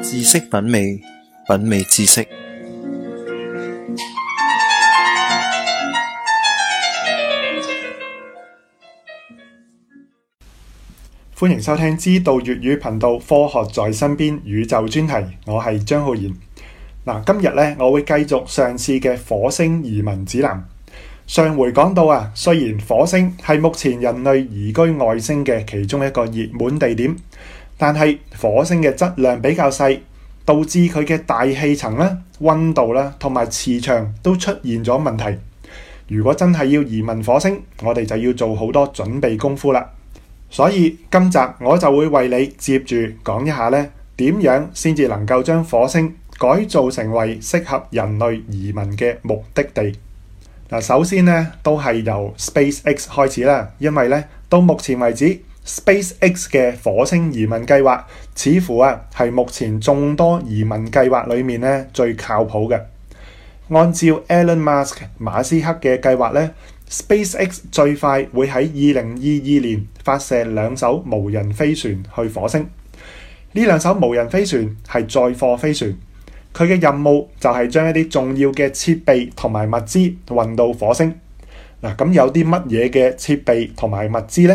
知識品味，品味知識。歡迎收聽《知道粵語》頻道《科學在身邊》宇宙專題。我係張浩然。嗱，今日呢，我會繼續上次嘅火星移民指南。上回講到啊，雖然火星係目前人類移居外星嘅其中一個熱門地點。但係火星嘅質量比較細，導致佢嘅大氣層咧、溫度咧同埋磁場都出現咗問題。如果真係要移民火星，我哋就要做好多準備功夫啦。所以今集我就會為你接住講一下咧，點樣先至能夠將火星改造成為適合人類移民嘅目的地。嗱，首先咧都係由 SpaceX 開始啦，因為咧到目前為止。SpaceX 嘅火星移民計劃似乎啊，係目前眾多移民計劃裏面咧最靠譜嘅。按照 Alan Musk 馬斯克嘅計劃咧，SpaceX 最快會喺二零二二年發射兩艘無人飛船去火星。呢兩艘無人飛船係載貨飛船，佢嘅任務就係將一啲重要嘅設備同埋物資運到火星嗱。咁有啲乜嘢嘅設備同埋物資呢？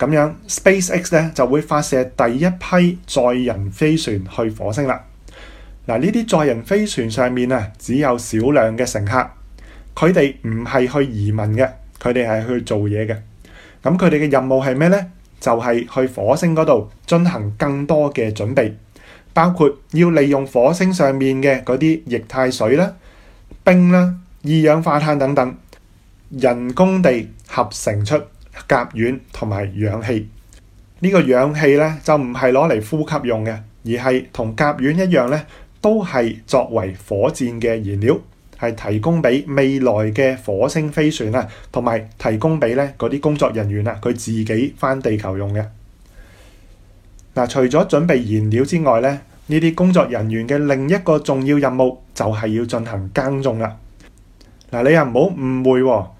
咁樣 SpaceX 咧就會發射第一批載人飛船去火星啦。嗱，呢啲載人飛船上面啊，只有少量嘅乘客，佢哋唔係去移民嘅，佢哋係去做嘢嘅。咁佢哋嘅任務係咩呢？就係去火星嗰度進行更多嘅準備，包括要利用火星上面嘅嗰啲液態水啦、冰啦、二氧化碳等等，人工地合成出甲烷同埋氧氣。呢個氧氣咧就唔係攞嚟呼吸用嘅，而係同甲烷一樣咧，都係作為火箭嘅燃料，係提供俾未來嘅火星飛船啊，同埋提供俾咧嗰啲工作人員啊，佢自己翻地球用嘅。嗱，除咗準備燃料之外咧，呢啲工作人員嘅另一個重要任務就係要進行耕種啦。嗱，你又唔好誤會。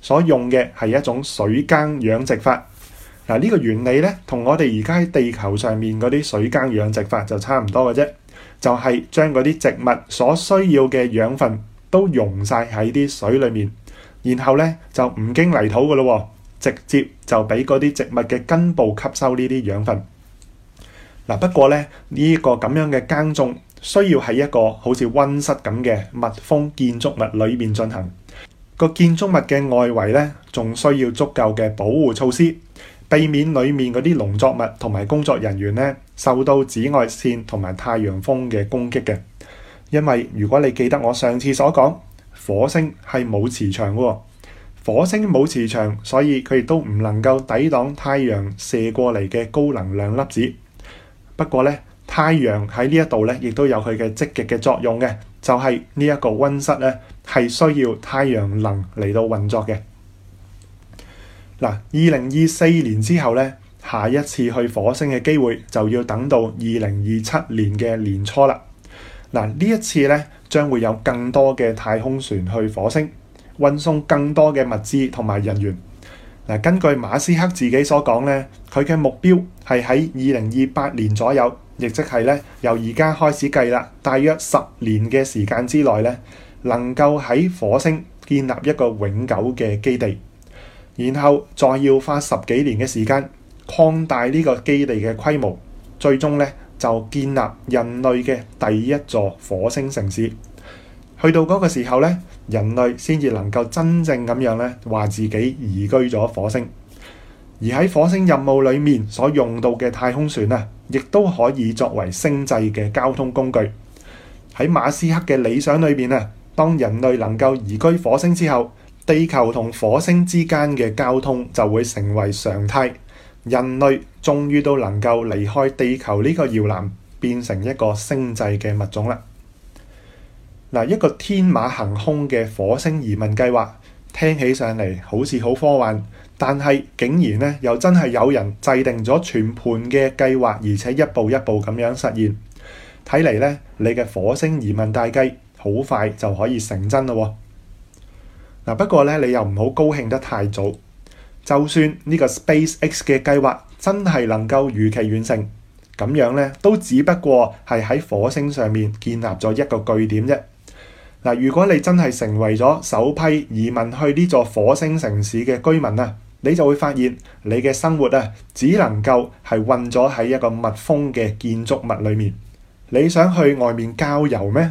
所用嘅係一種水耕養殖法，嗱、這、呢個原理咧，同我哋而家喺地球上面嗰啲水耕養殖法就差唔多嘅啫，就係將嗰啲植物所需要嘅養分都溶晒喺啲水裡面，然後咧就唔經泥土嘅咯，直接就俾嗰啲植物嘅根部吸收呢啲養分。嗱，不過咧，呢、這個咁樣嘅耕種需要喺一個好似溫室咁嘅密封建築物裏面進行。個建築物嘅外圍咧，仲需要足夠嘅保護措施，避免裏面嗰啲農作物同埋工作人員咧受到紫外線同埋太陽風嘅攻擊嘅。因為如果你記得我上次所講，火星係冇磁場嘅，火星冇磁場，所以佢亦都唔能夠抵擋太陽射過嚟嘅高能量粒子。不過咧，太陽喺呢一度咧，亦都有佢嘅積極嘅作用嘅。就係呢一個溫室咧，係需要太陽能嚟到運作嘅。嗱，二零二四年之後咧，下一次去火星嘅機會就要等到二零二七年嘅年初啦。嗱，呢一次咧，將會有更多嘅太空船去火星運送更多嘅物資同埋人員。嗱，根據馬斯克自己所講咧，佢嘅目標係喺二零二八年左右。亦即係咧，由而家開始計啦，大約十年嘅時間之內咧，能夠喺火星建立一個永久嘅基地，然後再要花十幾年嘅時間擴大呢個基地嘅規模，最終咧就建立人類嘅第一座火星城市。去到嗰個時候咧，人類先至能夠真正咁樣咧，話自己移居咗火星。而喺火星任務裏面所用到嘅太空船咧～亦都可以作為星際嘅交通工具。喺馬斯克嘅理想裏邊啊，當人類能夠移居火星之後，地球同火星之間嘅交通就會成為常態。人類終於都能夠離開地球呢個搖籃，變成一個星際嘅物種啦。嗱，一個天馬行空嘅火星移民計劃，聽起上嚟好似好科幻。但係竟然咧，又真係有人制定咗全盤嘅計劃，而且一步一步咁樣實現。睇嚟咧，你嘅火星移民大計好快就可以成真咯。嗱，不過咧，你又唔好高興得太早。就算呢個 SpaceX 嘅計劃真係能夠如期完成，咁樣咧，都只不過係喺火星上面建立咗一個據點啫。嗱，如果你真係成為咗首批移民去呢座火星城市嘅居民啊！你就會發現，你嘅生活啊，只能夠係困咗喺一個密封嘅建築物裏面。你想去外面郊遊咩？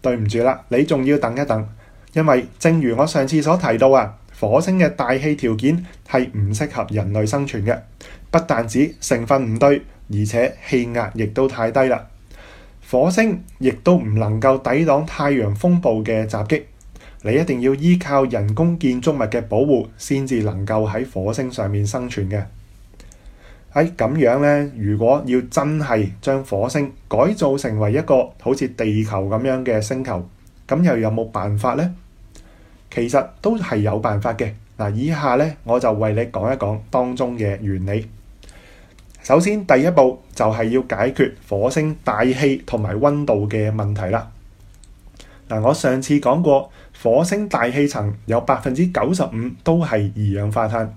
對唔住啦，你仲要等一等，因為正如我上次所提到啊，火星嘅大氣條件係唔適合人類生存嘅。不但止成分唔對，而且氣壓亦都太低啦。火星亦都唔能夠抵擋太陽風暴嘅襲擊。你一定要依靠人工建築物嘅保護，先至能夠喺火星上面生存嘅。喺、哎、咁樣呢，如果要真係將火星改造成為一個好似地球咁樣嘅星球，咁又有冇辦法呢？其實都係有辦法嘅。嗱，以下呢，我就為你講一講當中嘅原理。首先，第一步就係要解決火星大氣同埋溫度嘅問題啦。嗱，我上次講過，火星大氣層有百分之九十五都係二氧化碳。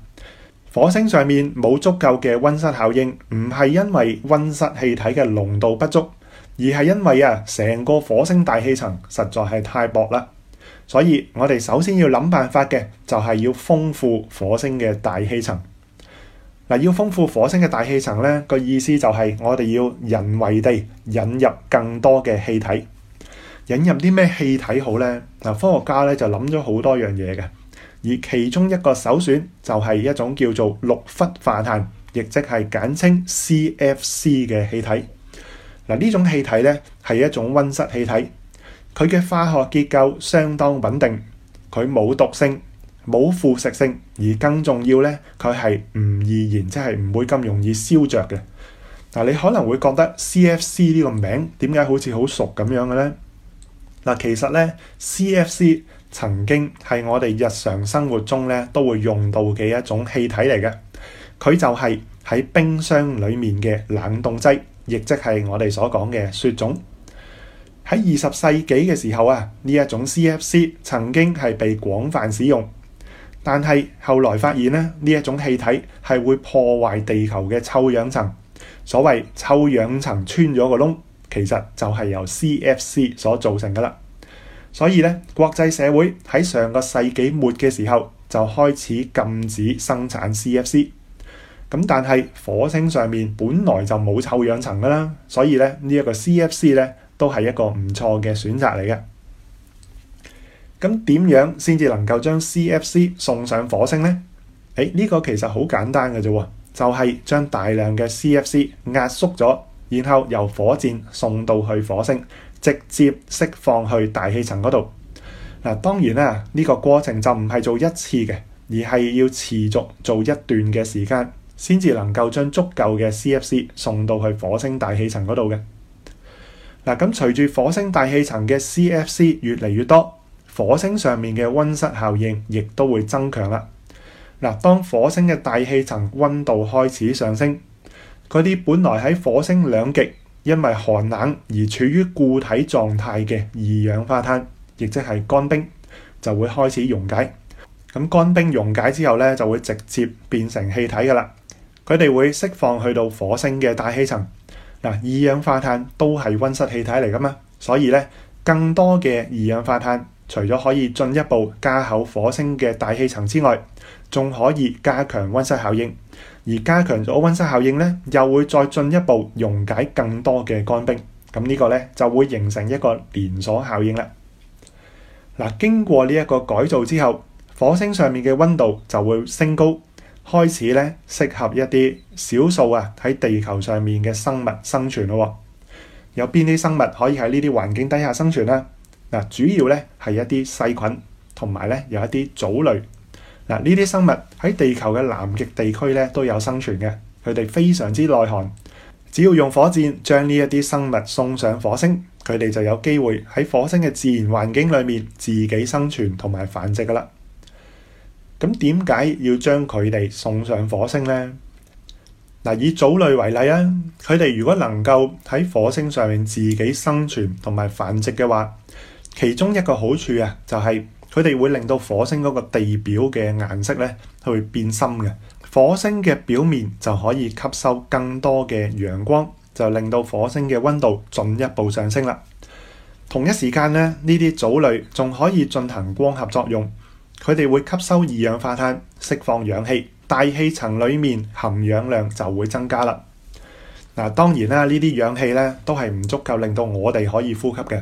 火星上面冇足夠嘅温室效應，唔係因為温室氣體嘅濃度不足，而係因為啊，成個火星大氣層實在係太薄啦。所以我哋首先要諗辦法嘅，就係要豐富火星嘅大氣層。嗱，要豐富火星嘅大氣層咧，個意思就係我哋要人為地引入更多嘅氣體。引入啲咩氣體好呢？嗱，科學家呢就諗咗好多樣嘢嘅，而其中一個首選就係一種叫做六氟化碳，亦即係簡稱 CFC 嘅氣體。嗱，呢種氣體呢係一種温室氣體，佢嘅化學結構相當穩定，佢冇毒性、冇腐蝕性，而更重要呢，佢係唔易燃，即係唔會咁容易燒著嘅。嗱，你可能會覺得 CFC 呢個名點解好似好熟咁樣嘅呢？嗱，其實咧，CFC 曾經係我哋日常生活中咧都會用到嘅一種氣體嚟嘅，佢就係喺冰箱裡面嘅冷凍劑，亦即係我哋所講嘅雪種。喺二十世紀嘅時候啊，呢一種 CFC 曾經係被廣泛使用，但係後來發現咧，呢一種氣體係會破壞地球嘅臭氧層，所謂臭氧層穿咗個窿。其實就係由 CFC 所造成噶啦，所以咧國際社會喺上個世紀末嘅時候就開始禁止生產 CFC。咁但係火星上面本來就冇臭氧層噶啦，所以咧呢一個 CFC 咧都係一個唔錯嘅選擇嚟嘅。咁點樣先至能夠將 CFC 送上火星呢？誒呢個其實好簡單嘅啫，就係將大量嘅 CFC 壓縮咗。然後由火箭送到去火星，直接釋放去大氣層嗰度。嗱，當然咧，呢個過程就唔係做一次嘅，而係要持續做一段嘅時間，先至能夠將足夠嘅 CFC 送到去火星大氣層嗰度嘅。嗱、嗯，咁隨住火星大氣層嘅 CFC 越嚟越多，火星上面嘅溫室效應亦都會增強啦。嗱、嗯，當火星嘅大氣層溫度開始上升，嗰啲本來喺火星兩極因為寒冷而處於固體狀態嘅二氧化碳，亦即係乾冰，就會開始溶解。咁乾冰溶解之後咧，就會直接變成氣體㗎喇。佢哋會釋放去到火星嘅大氣層。嗱，二氧化碳都係温室氣體嚟㗎嘛，所以咧，更多嘅二氧化碳。除咗可以進一步加厚火星嘅大氣層之外，仲可以加強温室效應，而加強咗温室效應咧，又會再進一步溶解更多嘅乾冰，咁呢個咧就會形成一個連鎖效應啦。嗱、啊，經過呢一個改造之後，火星上面嘅温度就會升高，開始咧適合一啲少數啊喺地球上面嘅生物生存咯。有邊啲生物可以喺呢啲環境底下生存咧？主要咧係一啲細菌，同埋咧有一啲藻類。嗱，呢啲生物喺地球嘅南極地區咧都有生存嘅，佢哋非常之耐寒。只要用火箭將呢一啲生物送上火星，佢哋就有機會喺火星嘅自然環境裏面自己生存同埋繁殖噶啦。咁點解要將佢哋送上火星呢？嗱，以藻類為例啊，佢哋如果能夠喺火星上面自己生存同埋繁殖嘅話，其中一個好處啊，就係佢哋會令到火星嗰個地表嘅顏色咧，去變深嘅。火星嘅表面就可以吸收更多嘅陽光，就令到火星嘅溫度進一步上升啦。同一時間咧，呢啲藻類仲可以進行光合作用，佢哋會吸收二氧化碳，釋放氧氣，大氣層裡面含氧量就會增加啦。嗱，當然啦，呢啲氧氣咧，都係唔足夠令到我哋可以呼吸嘅。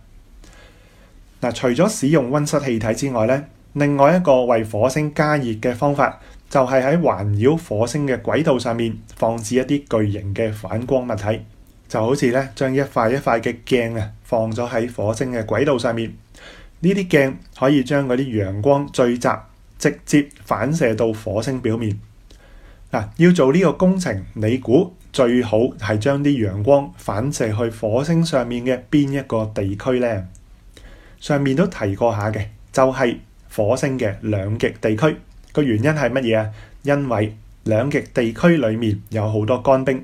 嗱，除咗使用温室氣體之外咧，另外一個為火星加熱嘅方法，就係喺環繞火星嘅軌道上面放置一啲巨型嘅反光物體，就好似咧將一塊一塊嘅鏡啊，放咗喺火星嘅軌道上面。呢啲鏡可以將嗰啲陽光聚集，直接反射到火星表面。要做呢個工程，你估最好係將啲陽光反射去火星上面嘅邊一個地區呢？上面都提過下嘅，就係火星嘅兩極地區。個原因係乜嘢啊？因為兩極地區裡面有好多乾冰，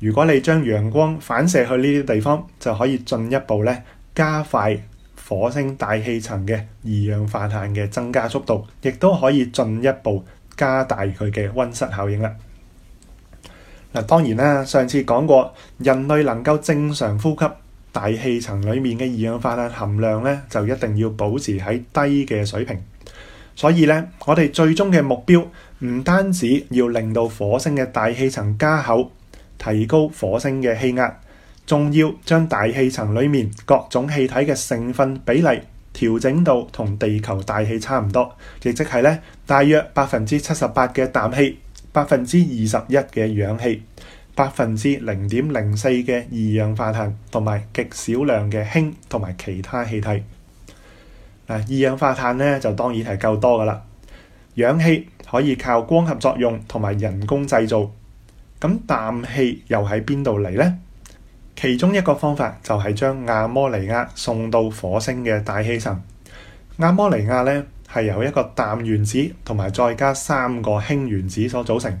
如果你將陽光反射去呢啲地方，就可以進一步咧加快火星大氣層嘅二氧化碳嘅增加速度，亦都可以進一步加大佢嘅温室效應啦。嗱，當然啦，上次講過人類能夠正常呼吸，大氣層裡面嘅二氧化碳含量咧，就一定要保持喺低嘅水平。所以咧，我哋最終嘅目標唔單止要令到火星嘅大氣層加厚、提高火星嘅氣壓，仲要將大氣層裡面各種氣體嘅成分比例調整到同地球大氣差唔多，亦即係咧，大約百分之七十八嘅氮氣，百分之二十一嘅氧氣。百分之零點零四嘅二氧化碳同埋極少量嘅氫同埋其他氣體。嗱，二氧化碳咧，就當然係夠多噶啦。氧氣可以靠光合作用同埋人工製造。咁氮氣又喺邊度嚟呢？其中一個方法就係將亞摩尼亞送到火星嘅大氣層。亞摩尼亞咧係由一個氮原子同埋再加三個氫原子所組成。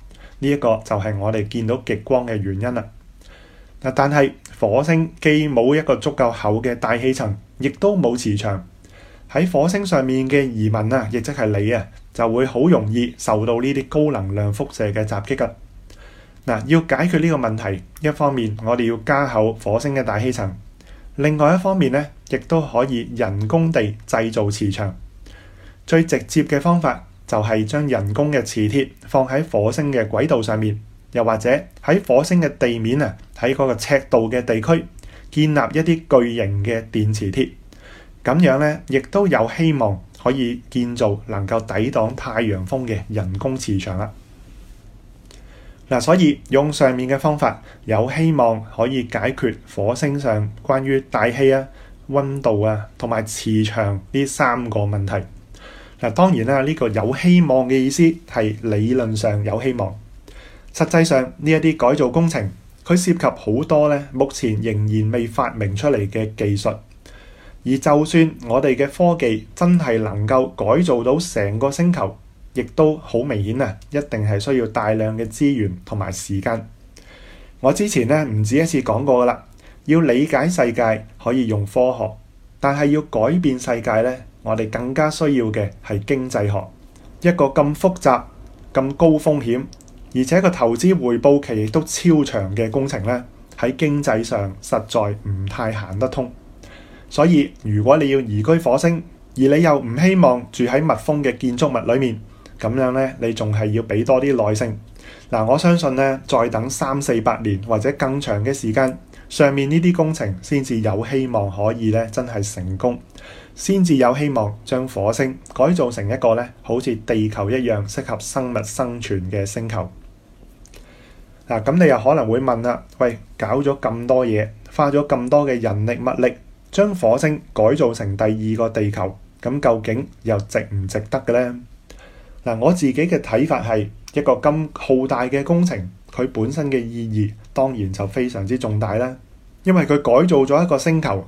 呢一個就係我哋見到極光嘅原因啦。但係火星既冇一個足夠厚嘅大氣層，亦都冇磁場。喺火星上面嘅移民啊，亦即係你啊，就會好容易受到呢啲高能量輻射嘅襲擊啦。嗱，要解決呢個問題，一方面我哋要加厚火星嘅大氣層，另外一方面呢，亦都可以人工地製造磁場。最直接嘅方法，就係將人工嘅磁鐵放喺火星嘅軌道上面，又或者喺火星嘅地面啊，喺嗰個赤道嘅地區建立一啲巨型嘅電磁鐵，咁樣咧亦都有希望可以建造能夠抵擋太陽風嘅人工磁場啦。嗱，所以用上面嘅方法有希望可以解決火星上關於大氣啊、溫度啊同埋磁場呢三個問題。嗱，當然啦，呢個有希望嘅意思係理論上有希望，實際上呢一啲改造工程，佢涉及好多呢，目前仍然未發明出嚟嘅技術。而就算我哋嘅科技真係能夠改造到成個星球，亦都好明顯啊！一定係需要大量嘅資源同埋時間。我之前呢唔止一次講過噶啦，要理解世界可以用科學，但係要改變世界呢。我哋更加需要嘅係經濟學，一個咁複雜、咁高風險，而且個投資回報期亦都超長嘅工程咧，喺經濟上實在唔太行得通。所以如果你要移居火星，而你又唔希望住喺密封嘅建築物裡面，咁樣咧，你仲係要俾多啲耐性。嗱，我相信咧，再等三四百年或者更長嘅時間，上面呢啲工程先至有希望可以咧，真係成功。先至有希望將火星改造成一個咧，好似地球一樣適合生物生存嘅星球。嗱，咁你又可能會問啦，喂，搞咗咁多嘢，花咗咁多嘅人力物力，將火星改造成第二個地球，咁究竟又值唔值得嘅呢？嗱，我自己嘅睇法係一個咁浩大嘅工程，佢本身嘅意義當然就非常之重大啦，因為佢改造咗一個星球。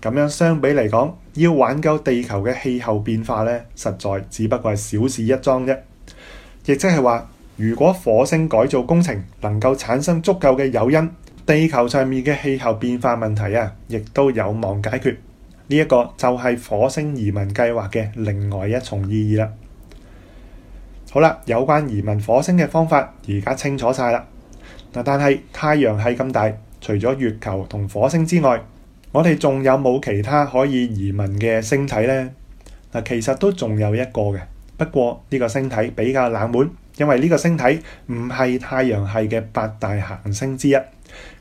咁樣相比嚟講，要挽救地球嘅氣候變化呢，實在只不過係小事一樁啫。亦即係話，如果火星改造工程能夠產生足夠嘅誘因，地球上面嘅氣候變化問題啊，亦都有望解決。呢一個就係火星移民計劃嘅另外一重意義啦。好啦，有關移民火星嘅方法，而家清楚晒啦。但係太陽系咁大，除咗月球同火星之外，我哋仲有冇其他可以移民嘅星體呢？嗱，其實都仲有一個嘅，不過呢個星體比較冷門，因為呢個星體唔係太陽系嘅八大行星之一，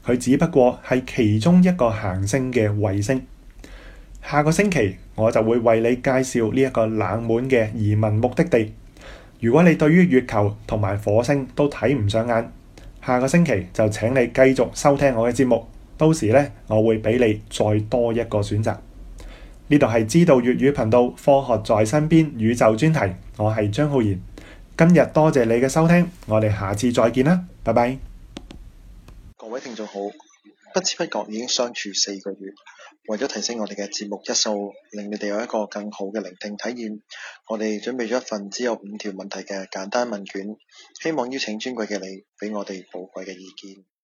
佢只不過係其中一個行星嘅衛星。下個星期我就會為你介紹呢一個冷門嘅移民目的地。如果你對於月球同埋火星都睇唔上眼，下個星期就請你繼續收聽我嘅節目。到時咧，我會俾你再多一個選擇。呢度係知道粵語頻道《科學在身邊》宇宙專題，我係張浩然。今日多謝你嘅收聽，我哋下次再見啦，拜拜。各位聽眾好，不知不覺已經相處四個月，為咗提升我哋嘅節目質素，令你哋有一個更好嘅聆聽體驗，我哋準備咗一份只有五條問題嘅簡單問卷，希望邀請尊貴嘅你俾我哋寶貴嘅意見。